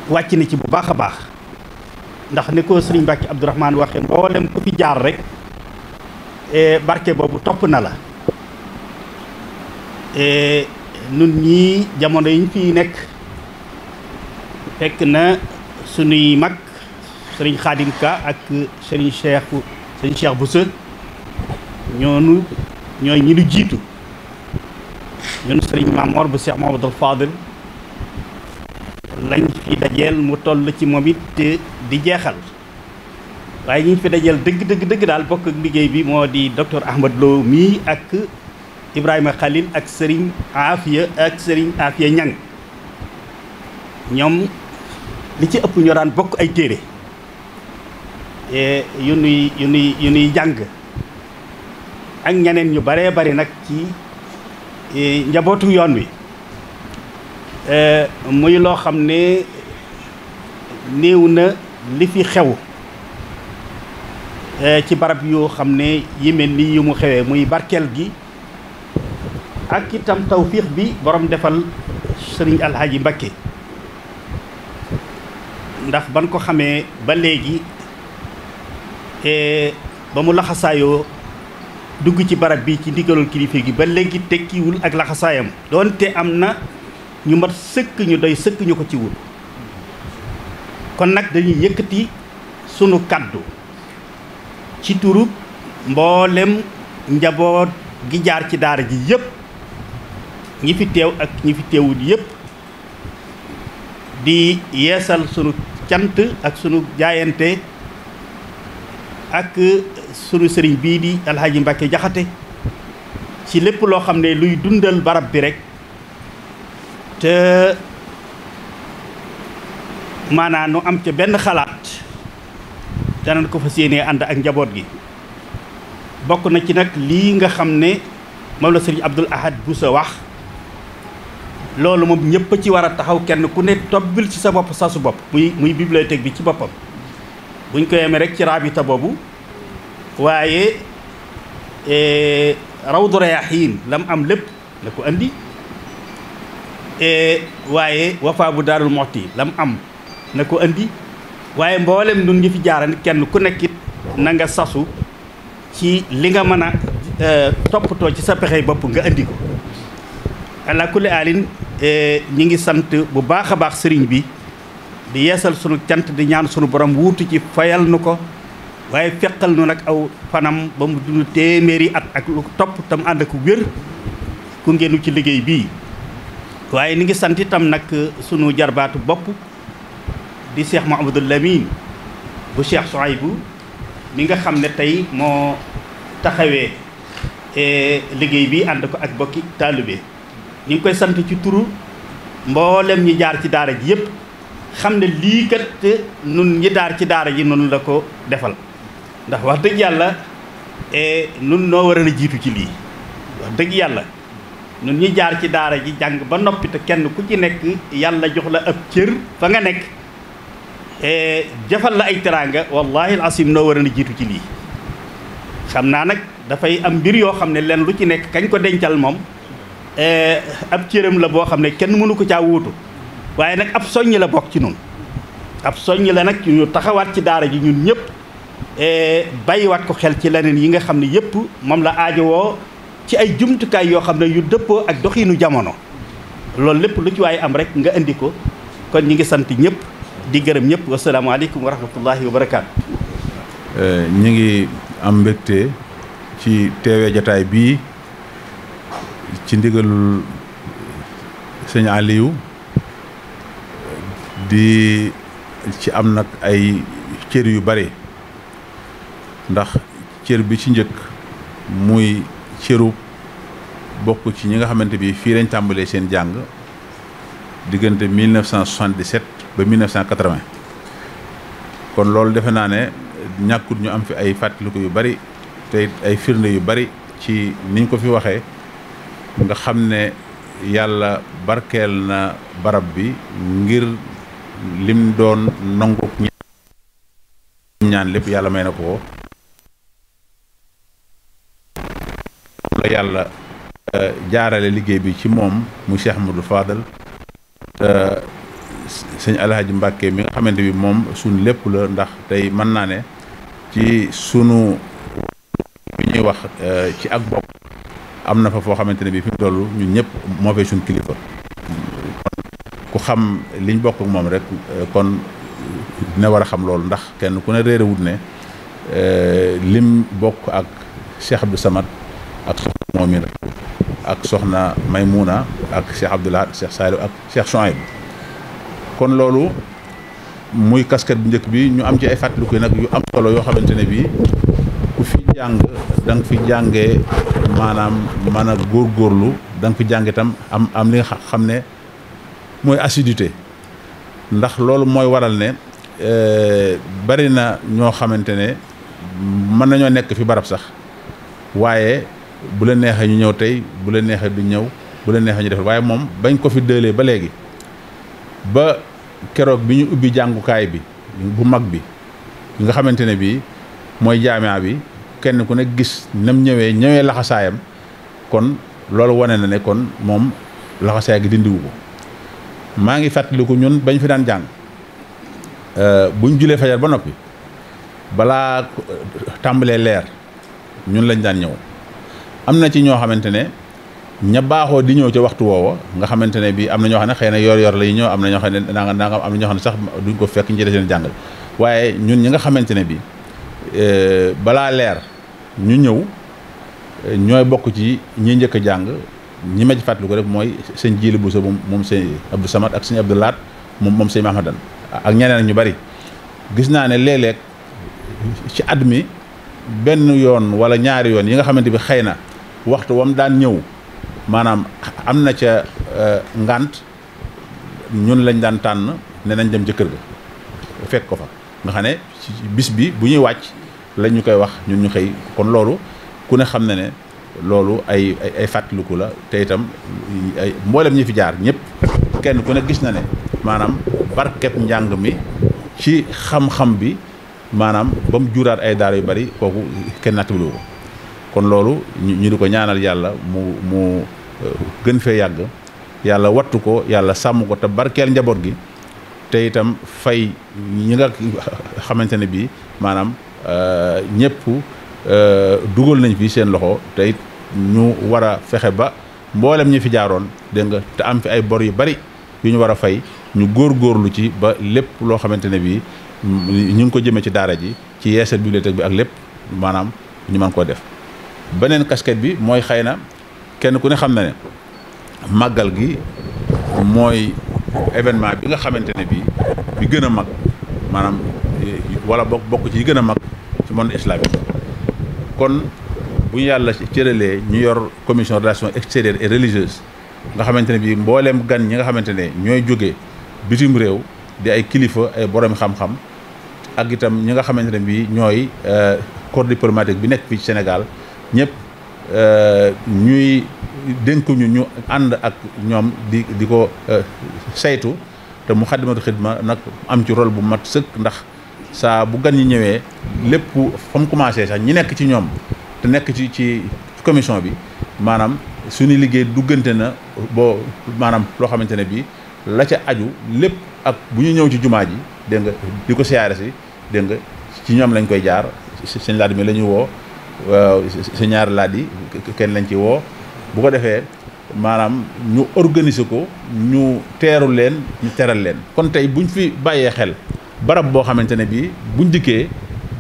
wàcc na ci bu baax a baax ndax ni ko sëriñ Mbàkke Abdourahmane waxe mboolem ku fi jaar rek E barke boobu topp na la e nun ñi jamono yi ñu fiy nekk fekk na sunuy mag sëriñ Xaadim Ka ak sëriñ Cheikh sëriñ Cheikh Bousso ñoonu ñooy ñi nu jiitu ñun sëriñ Mamor bu Cheikh Mamadou Fadil lañ fi dajeel mu toll ci moom di jeexal waaye ñi fi dajeel dëgg dëgg dëgg daal bokk ak liggéey bi moo di docteur Ahmad Lo ak Ibrahima Khalil ak sëriñ Afia ak sëriñ Afia Ñang ñoom li ci ëpp ñoraan bokk ay téere e, yu nuy yu nuy yu nuy jàng ak ñeneen ñu baree bari nag ci e, njabootu yoon wi e, muy loo xam ne néew na li fi xew Eh, ci barab yoo xam ne yi mel ni yu mu xewee muy barkeel gi ak itam tawfiix bi borom defal sëriñ alxaaji Mbakke ndax ban ko xamee ba léegi eh, ba mu laxasaayoo dugg ci barab bi ci ndigalul kilifa gi ba léegi tekkiwul ak laxasaayam doonte am na ñu mat sëkk ñu doy sëkk ñu ko ci wut kon nag dañuy yëkkati sunu kàddu ci turub mboolem njaboot gi jaar ci daara ji yëpp ñi fi teew ak ñi fi teewul yëpp di yeesal sunu cant ak sunu jaayante ak sunu sëriñ bii di alxaaji Mbàkke Jaxate ci lépp loo xam ne luy dundal barab bi rekk te maanaa nu am ca benn xalaat danañ ko fas yéenee ànd ak njaboot gi bokk na ci nag lii nga xam ne moom la sëriñ Abdul Ahad Bousso wax loolu moom ñëpp ci war a taxaw kenn ku ne tobbil ci sa bopp sa bopp muy muy bibliothèque bi ci boppam buñ ko yemee rek ci raabita boobu waaye e, rawdu rayaxiin lam am lépp la ko andi e, waaye wafaa bu daarul moxti lam am na ko andi waaye mboolem nun ñu fi jaara kenn ku nekkit na nga sasu ci li nga mën a euh, toppatoo ci sa pexe bopp nga indi ko ala kulli alin euh, ñi ngi sant bu baax a baax sëriñ bi di yeesal sunu cant di ñaan sunu borom wuutu ci fayal nu ko waaye feqal nu nag aw fanam ba mu dund téeméeri at ak lu topp tam ànd ak wér ku ngeenu ci liggéey bii waaye ni ngi sant itam nag sunu jarbaatu bopp di Cheikh Mouhamadul Lamine bu Cheikh Souaibou mi nga xam ne tey moo taxawee e, liggéey bi ànd ko ak bokki taalibe ñu ngi koy sant ci turu mboolem ñi jaar ci daara ji yëpp xam ne lii kat nun ñi daar ci daara ji noonu la ko defal ndax wax dëgg yàlla e, nun noo waroon a jiitu ci lii dëgg yàlla nun ñi jaar ci daara ji jàng ba noppi kenn ku ci nekk yàlla jox la ab cër fa nga nekk jafal la ay teraanga wallahi alasim noo war a jiitu ci lii xam naa nag dafay am mbir yoo xam ne leen lu ci nekk kañ ko dencal moom eh, ab cëram la boo xam ne kenn mënu ko caa wuutu waaye nag ab soññi la bokk ci nun ab soññi la nag ñu taxawaat ci daara ji ñun ñëpp eh, bàyyiwaat ko xel ci leneen yi nga xam ne yëpp moom la aajowoo ci ay jumtukaay yoo xam ne yu dëppoo ak doxiinu jamono loolu lépp lu ci waay am rek nga indi ko kon ñi ngi sant ñëpp di gërëm ñëpp wasalaamaaleykum wa rahmatullahi wa barakaatu. Euh, ñu ngi am mbégte ci teewee jataay bii ci ndigalul sëñ Aliou di ci am nag ay cër yu bari ndax cër bi ci njëkk muy cëru bokk ci ñi nga xamante bii fii lañ tàmbalee seen jàng diggante 1977 ba 1980 kon loolu defe naa ne ñàkkut ñu am fi ay fàttaliku yu bari te ay firnde yu bari ci niñ ko fi waxee nga xam ne yàlla barkeel na barab bi ngir lim doon nangu ñaan lépp yàlla may na ko eh, jaarale liggéey bi ci moom mu Cheikh Amadou Fadal eh, sëñ Alhaji Mbàkke mi nga xamante bi moom suñ lépp la ndax tey mën naa ne ci sunu bi ñuy wax euh, ci ak bopp am na fa foo xamante ne bi fi mu toll ñun ñëpp moo fay suñ kilifa ku xam liñ bokk moom rek euh, kon ne war a xam loolu ndax kenn ku ne réere wut ne euh, lim bokk ak Cheikh Abdou Samad ak soxna Moomina ak soxna Maymuna ak Cheikh Abdoulaye Cheikh Saliou ak Cheikh Chouaïb kon loolu muy casquette bu njëkk bi ñu am ci ay fàttaliku nag yu am solo yoo xamante ne bii ku fi jàng da fi jànge maanaam mën a góorgóorlu da nga fi jàng itam am am li nga xam ne mooy assiduité ndax loolu mooy waral ne euh, bari na ñoo xamante ne mën nañoo nekk fi barab sax waaye bu la neexee ñu ñëw tey bu leen neexee du ñëw bu la neexee ñu def waaye moom bañ ko fi dëlee ba léegi. ba keroog bi ñu ubbi jàngukaay bi bu mag bi nga xamante ne bii mooy jaamia bi kenn ku ne gis nam ñëwee ñëwee laxasaayam kon loolu wane na ne kon moom laxasaay gi dindiwu ko maa ngi fàttaliku ñun bañ fi daan jàng euh, buñ julee fajar ba noppi balaa tàmbalee leer ñun lañ daan ñëw am na ci ñoo xamante ne ña baaxoo di ñëw ca waxtu woowa nga xamante ne bi am na ñoo xam ne xëy na yor-yor lay ñëw am na xam ne nanga nanga am na ñoo xam ne sax duñ ko fekk ñi ci waaye ñun ñi nga xamante ne bi euh, balaa leer ñu ñëw ñooy bokk ci ñi njëkk a jàng ñi ma ci ko rek mooy sëñ Jiili Buso moom moom sëñ Abdou Samad ak sëñ Abdou Laat moom moom sëñ Mahamadan ak ñeneen ñu bari gis naa ne léeg ci at mi benn yoon wala ñaari yoon yi nga xamante bi xëy na waxtu wam daan ñëw maanaam am na ca euh, ngant ñun lañ daan tànn ne nañ dem jëkkër kër ga fekk ko fa nga xam ne bis bi bu ñuy wàcc lañ ñu koy wax ñun ñu xëy kon loolu ku ne xam ne ne loolu ay ay fàttaliku la te itam ay mboolem ñi fi jaar ñëpp kenn ku ne gis na ne maanaam barkeb njàng mi ci xam-xam bi maanaam ba mu juraat ay daara yu bari kooku kenn nattabliwu ko kon loolu ñu di ko ñaanal yàlla mu mu euh, gën fee yàgg yàlla wattu ko yàlla sàmm ko te barkeel njaboot gi te itam fay ñi nga xamante ne bii maanaam euh, ñëpp euh, dugal nañ fi seen loxo te ñu war a fexe ba mboolem ñi fi jaaroon dégg nga te am fi ay bor yu bari yu ñu war a fay ñu góor góorgóorlu ci ba lépp loo xamante ne bii mm, ñu ngi ko jëmee ci daara ji ci yeesal bibliothèque bi ak lépp maanaam ñu mën koo def beneen casquette bi mooy xëy na kenn ku ne xam na ne màggal gi mooy événement bi nga xamante ne bii bi gën a mag maanaam wala bokk bokk ci gën a mag ci monde islamique kon bu ñu yàlla cëralee ñu yor commission relations extérieures et religieuses nga xamante ne bii mbooleem gan ñi nga xamante ne ñooy jóge bitim réew di ay kilifa ay borom xam-xam ak itam ñi nga xamante ne bii ñooy euh, corps diplomatique bi nekk fii ci Sénégal ñëpp euh, ñuy dénkuñu ñu ànd ak ñoom di di ko euh, saytu te mu xaddimatu xidma nag am ci rôle bu mat sëkk ndax saa bu gan ñi ñëwee lépp fa mu commencé sax ñi nekk ci ñoom te nekk ci ci commission bi maanaam suñu liggéey duggante na boo maanaam loo xamante ne bii la ca aju lépp ak bu ñu ñëw ci jumaa ji dégg nga di ko siyaare si dégg nga ci ñoom lañ koy jaar seen laaj mi la ñuy woo waaw si ñaari laaj yi kenn lañ ci woo bu ko defee maanaam ñu organiser ko ñu teeru leen ñu teral leen kon tey bu buñ fi bàyyee xel barab boo xamante ne bii buñ dikkee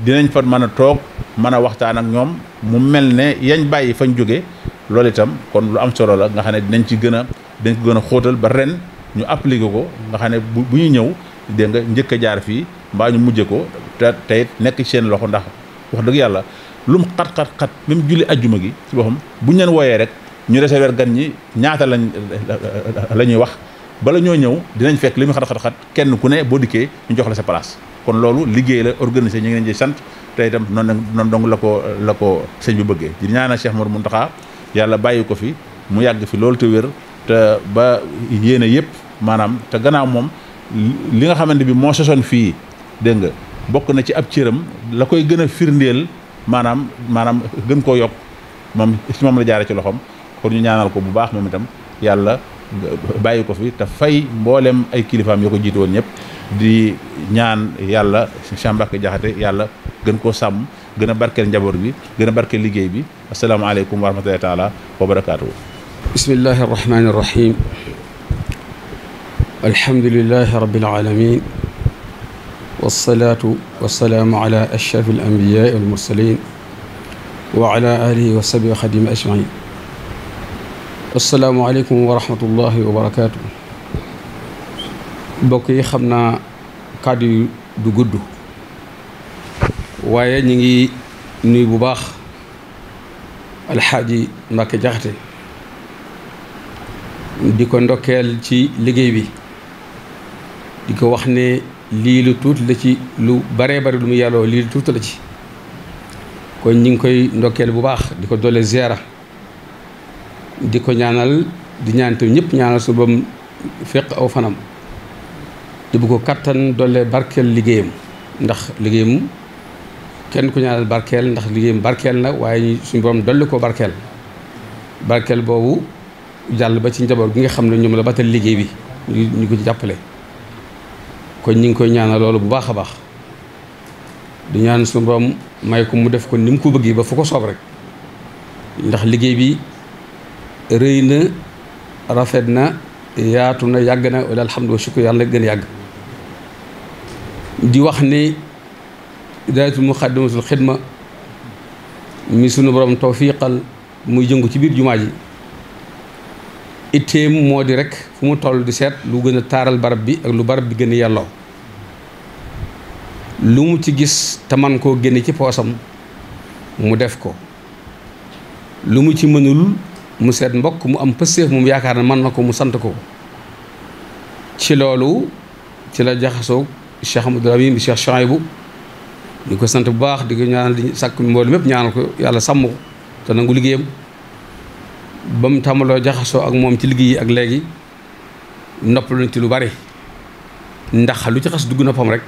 dinañ fa mën a toog mën a waxtaan ak ñoom mu mel ne yañ bàyyi fañ jóge loolu itam kon lu am solo la nga xam ne dinañ ci gën a dinañ ko gën a xóotal ba ren ñu appliquer ko nga xam ne bu bu ñu ñëw dégg nga njëkk a jaar fii mbaa ñu mujje ko te tey nekk ci seen loxo ndax wax dëgg yàlla lu mu xat xat xat même julli ajjuma gi ci boppam bu ñu leen wooyee rek ñu recevoir gan ñi ñaata lañ la ñuy wax bala ñoo ñëw dinañ fekk li mu xat xat xat kenn ku ne boo dikkee ñu jox la sa place kon loolu liggéey la organisé ñu ngi leen di sant te itam noonu noonu dong la ko la ko sëñ bi bëggee di ñaanal Cheikh Mor Mountakha yàlla bàyyi ko fi mu yàgg fi loolu te wér te ba yéene yépp maanaam te gannaaw moom li nga xamante bi moo sosoon fii dégg nga bokk na ci ab cëram la koy gën a firndeel maanaam maanaam gën koo yokk moom si moom la jaare ci loxoom kon ñu ñaanal ko bu baax moom itam yàlla bàyyi ko fi te fay mboolem ay kilifaam yoo ko jiite woon ñëpp di ñaan yàlla Cheikh Mbacké Diakhaté yàlla gën koo sàmm gën a barkeel njaboot bi gën a barkeel liggéey bi asalaamaaleykum wa rahmatullahi taala wa barakaatu. bismillahi rahmaani rahim alhamdulilahi rabbil alamin wasalaatu wasalaamu ala ashraf al anbiyaai wal mursalin wa ala alihi wa wa barakaatu mbokk yi xam naa kàddu du gudd waaye ñu ngi nuyu bu baax alxaaji Mbàkke Jaxate di ko ndokkeel ci liggéey bi di ko wax ne lii lu tuuti la ci lu baree bari lu mu yàlloo lii lu tuuti la ci kon ñi ngi koy ndokkeel bu baax di ko doole ziara di ko ñaanal di ñaan tam ñëpp ñaanal su bam féq aw fanam di bu ko kattan doole barkeel liggéeyam ndax liggéeyam kenn ku ñaanal barkeel ndax liggéeyam barkeel na waaye suñu borom dolli ko barkeel barkeel boobu jàll ba ci njaboot bi nga xam ne ñoom la batal liggéey bi ñu ko jàppale kon ñu ngi koy ñaanal loolu bu baax a baax du ñaan suñu borom may ko mu def ko ni mu ko bëggee ba fu ko soob rek ndax liggéey bi rëy na rafet na yaatu na yàgg na wala alhamdulilah shukr yàlla na gën a yàgg di wax ni daayatul muxaddamatul xidma mi sunu borom tawfiqal muy jëngu ci biir jumaa ji itteem moo di rek fu mu toll di seet lu gën a taaral barab bi ak lu barab bi gën a yelloo lu mu ci gis te man koo génne ci poosam mu def ko lu mu ci mënul mu seet mbokk mu am pëstéef moom yaakaar na mën na ko mu sant ko ci loolu ci la jaxasoo Cheikh Amadou Rabi bi Cheikh Chouaïbou di ko sant bu baax di ko ñaanal di sàkk mboolu mépp ñaanal ko yàlla sàmm ko te nangu liggéeyam ba mu tàmbaloo jaxasoo ak moom ci liggéey yi ak léegi noppalu na ci lu bari ndax lu ci xas dugg noppam rek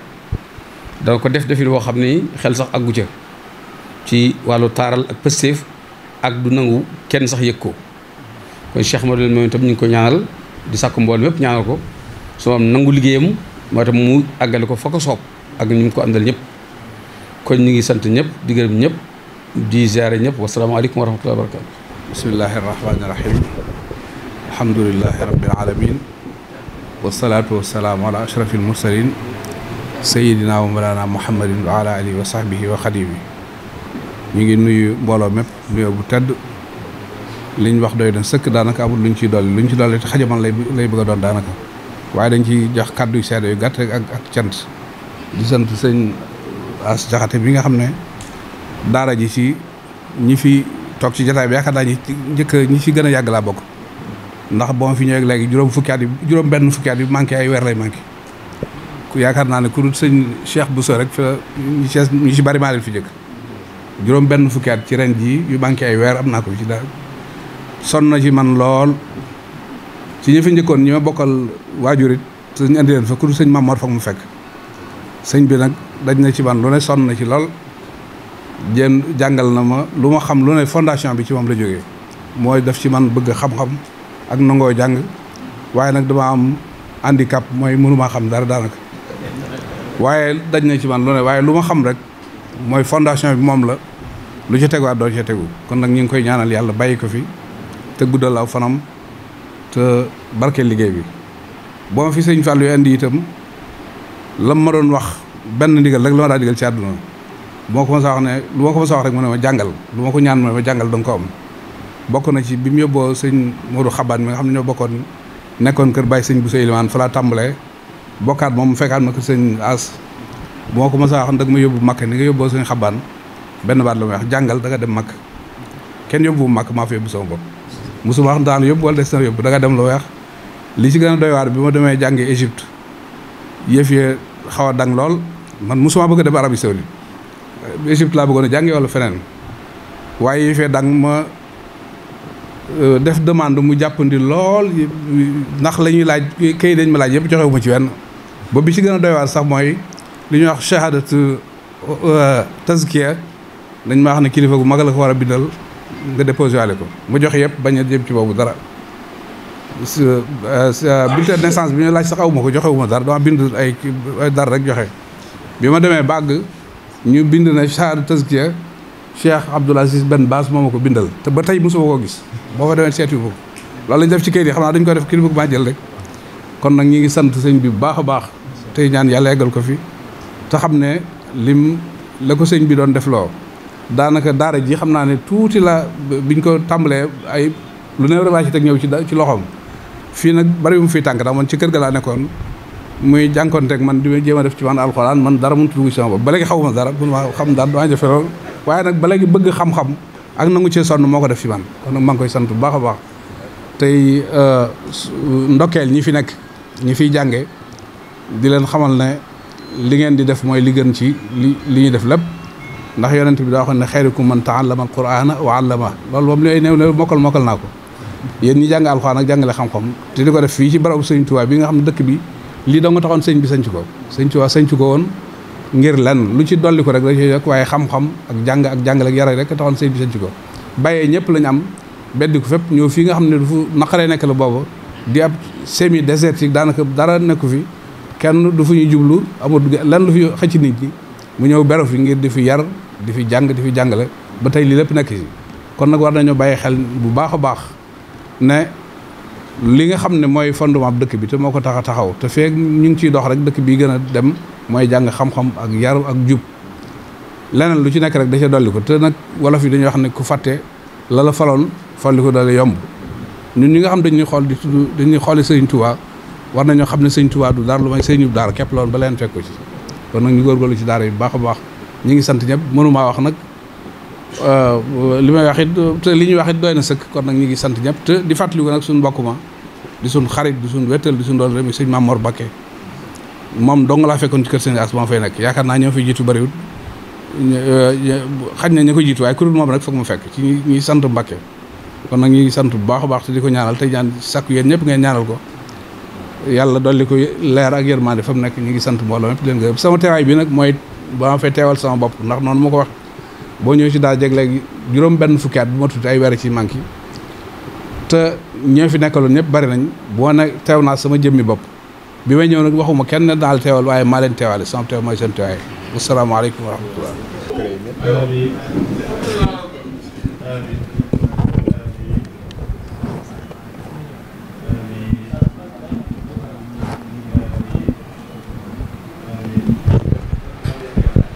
dana ko def defin woo xam ni xel sax àggu ca ci wàllu taaral ak pëstéef ak du nangu kenn sax yëg ko kon ma Madou moom itam ñu ngi ko ñaanal di sàkk mbool mépp ñaanal ko su am nangu liggéeyam moo tam mu àggale ko fa ko soob ak ñu ngi ko àndal ñëpp kon ñu ngi sant ñëpp di gërëm ñëpp di ziare ñëpp wasalaamaaleykum wa rahmatullahi wa bismillahi irrahmani irahim alhamdulilahi rabbil alamin wasalaatu wasalaamu ala ashraf almursalin sayidina wa mawlana muhammadin wa ala wa sahbihi wa xadimi ñu ngi nuyu mbooloo mépp nuyoo bu tedd liñ wax doy na sëkk daanaka amul luñ ciy dolli luñ ci dolli te xajamal lay lay bëgg doon daanaka waaye dañ ci jax kàddu yu seede yu gàtt rek ak ak di sant sëñ as jaxate bi nga xam ne daara ji ci ñi toog ci jotaay bi yaakaar naa ñi njëkk ñi ci gën a yàgg laa bokk ndax boo fi ñëwee léegi juróom fukki at yu juróom benn fukki at yi manqué yaakaar naa ne ku dul sëñ Cheikh Bousso rek fa ñi ci bari maa leen fi jëkk juróom benn fukki ci ren jii yu manqué ay weer am naa ko ci daal sonn na ci man lool ci ñi njëkkoon ñi ma bokkal waajur it sëñ andi leen fa ku dul sëñ Mamor foog mu fekk sëñ bi nag dañ na ci man lu ne sonn na ci lool jéem jàngal na ma lu ma xam lu ne fondation bi ci moom la jóge mooy def ci man bëgg xam-xam ak nangoo jàng waaye nag dama am handicap mooy mënumaa xam dara daanaka waaye dañ na ci man lu ne waaye lu ma xam rek mooy fondation bi moom la lu ci teguwaat doo ci tegu kon nag ñu ngi koy ñaanal yàlla bàyyi ko fi te guddal aw fanam te barke liggéey bi boo ma fi sëñ indi andi itam lam ma doon wax benn ndigal rek la ma daa digal ci àdduna boo ma ko mos a wax ne lu ma ko mos a wax rek mu ne ma jàngal lu ma ko ñaan mu ne ma jàngal danga ko am bokk na ci bi mu yóbboo sëñ Modou Xabaan mi nga xam ne ñoo bokkoon nekkoon kër Baye sëñ bu sa ilimaan fa laa tàmbalee bokkaat moom fekkaat ma kër sëñ As bu ma ko mos a wax nag ma yóbbu Makka ni nga yóbboo sëñ Xabaan benn baat la may wax jàngal da dem Makka kenn yóbbu Makka maa fa yóbbu sama bopp mosuma wax daan yóbbu wala des na yóbbu da dem lu weex li ci gën a doy waar bi ma demee jàngi Égypte yëf yi xaw a dang lool man mosuma bëgg a dem Arabie Saoudite Égypte laa bëggoon a jàngi wala feneen waaye yi fee dang ma euh, def demande mu jàppandi lool ndax lañuy laaj kay dañ ma laaj yëpp joxewu ma ci wenn ba bi ci gën a doy sax mooy li ñuy wax shahadatu euh, tazkiya dañ ma wax ne kilifa gu mag la ko war a bindal nga déposé waale ko ma jox yëpp bañ a jëm ci boobu dara euh, bulletin de naissance bi ñu laaj sax aw ma ko joxewu ma dara dama bind ay dara rek joxe bi ma demee bàgg ñu bind na saar taskiya Cheikh Abdoul Aziz benn Baas moo ma ko bindal te ba tey mosuma koo gis boo fa demee seeti ko loolu lañ def ci kayit yi xam naa dañ ko def kii bëgg maa jël rek kon nag ñu ngi sant sëñ bi bu baax a baax tey ñaan yàlla eggal ko fi te xam ne lim la ko sëñ bi doon def loo daanaka daara ji xam naa ne tuuti la biñ ko tàmbalee ay lu ne vraiment ci teg ñëw ci ci loxoom fii nag bari mu fi tànk ndax man ci kër ga laa nekkoon muy jànkonteeg man di jéem a def ci man alxuraan man dara mënut dugg ci sama bopp ba léegi xaw ma dara mun ma xam dara waaye nag ba léegi bëgg xam-xam ak nangu cee sonn moo ko def ci man kon nag maa ngi koy sant bu baax a baax tey euh, ndokkeel ñi fi nekk ñi fiy jànge di leen xamal ne li ngeen di def mooy li gën ci li li ñuy def lépp ndax yonent bi daa waxoon ne xayrukum man taallama alqurana wa allama loolu moom li ay néew néew mokkal mokkal naa ko yéen ñi jàng alxuraan ak jàngale xam-xam te di ko def fii ci barabu Sëriñ Tuubaa bi nga xam ne dëkk bi lii dong taxoon sëñ bi sañc ko sëñ waa sañc ko woon ngir lan lu ci dolli ko rek da ciy yokk waaye xam-xam ak jàng ak jàngale ak yara rek taxoon sëñ bi sañc ko bàyyee ñëpp lañ am beddi ko fépp ñëw fii nga xam ne du fu naqaree nekk la boobu di ab semi yi daanaka dara nekku fi kenn du fu ñuy jublu amul lan lu fi xëcc nit ñi mu ñëw beru fi ngir di fi yar di fi jàng di fi jàngale ba tey lii lépp nekk ci kon nag war nañoo bàyyi xel bu baax a baax li nga xam ne mooy fondement dëkk bi te moo ko tax a taxaw te feek ñu ngi ciy dox rek dëkk bi gën a dem mooy jàng xam-xam ak yaru ak jub leneen lu ci nekk rek da ca dolli ko te nag wolof yi dañuy wax ne ku fàtte la la faloon falli ko dale yomb ñun ñi nga xam dañuy xool di tudd dañuy xooli sëñ Tuubaa war nañu xam ne sëñ Tuubaa du dara lu may sëñu daar képp loolu ba leen fekku ci kon nag ñu góorgóorlu ci daar yi bu baax a baax ñu ngi sant ñëpp mënumaa wax nag Euh, li may wax it li ñuy wax it doy na sëkk kon nag ñu ngi sant ñëpp te di fàttaliku nag suñu mbokk ma di suñ xarit di suñu wettal di suñu doon rek mi sëñ Maam Mor Bakke moom dong laa fekkoon ci kër sëñ As ba ma fay yaakaar naa ñoo fi jiitu bëriwul euh, xaj na ñu ko jiitu waaye kuréel moom rek foog ma fekk ci ñuy sant Mbakke kon nag ñu ngi sant bu baax a baax te di ko ñaanal tey ñaan sakku yéen ñëpp ngay ñaanal ko yàlla dolli ko leer ak yërmande fa mu nekk ñu ngi sant mbooloo mépp leen gërëm sama teewaay bi nag mooy ba ma sama bopp ndax noonu ma ko wax boo ñëwee si daal jeg léegi juróom benn fukki at bu ma tuuti ay weer ci manqué te ñoo fi nekkaloon ñëpp bari nañ boo ne teew naa sama jëmmi bopp bi may ñëw nag waxuma kenn daal teewal waaye maa leen teewaale sama teew mooy seen teewaay asalaamaaleykum wa rahmatullah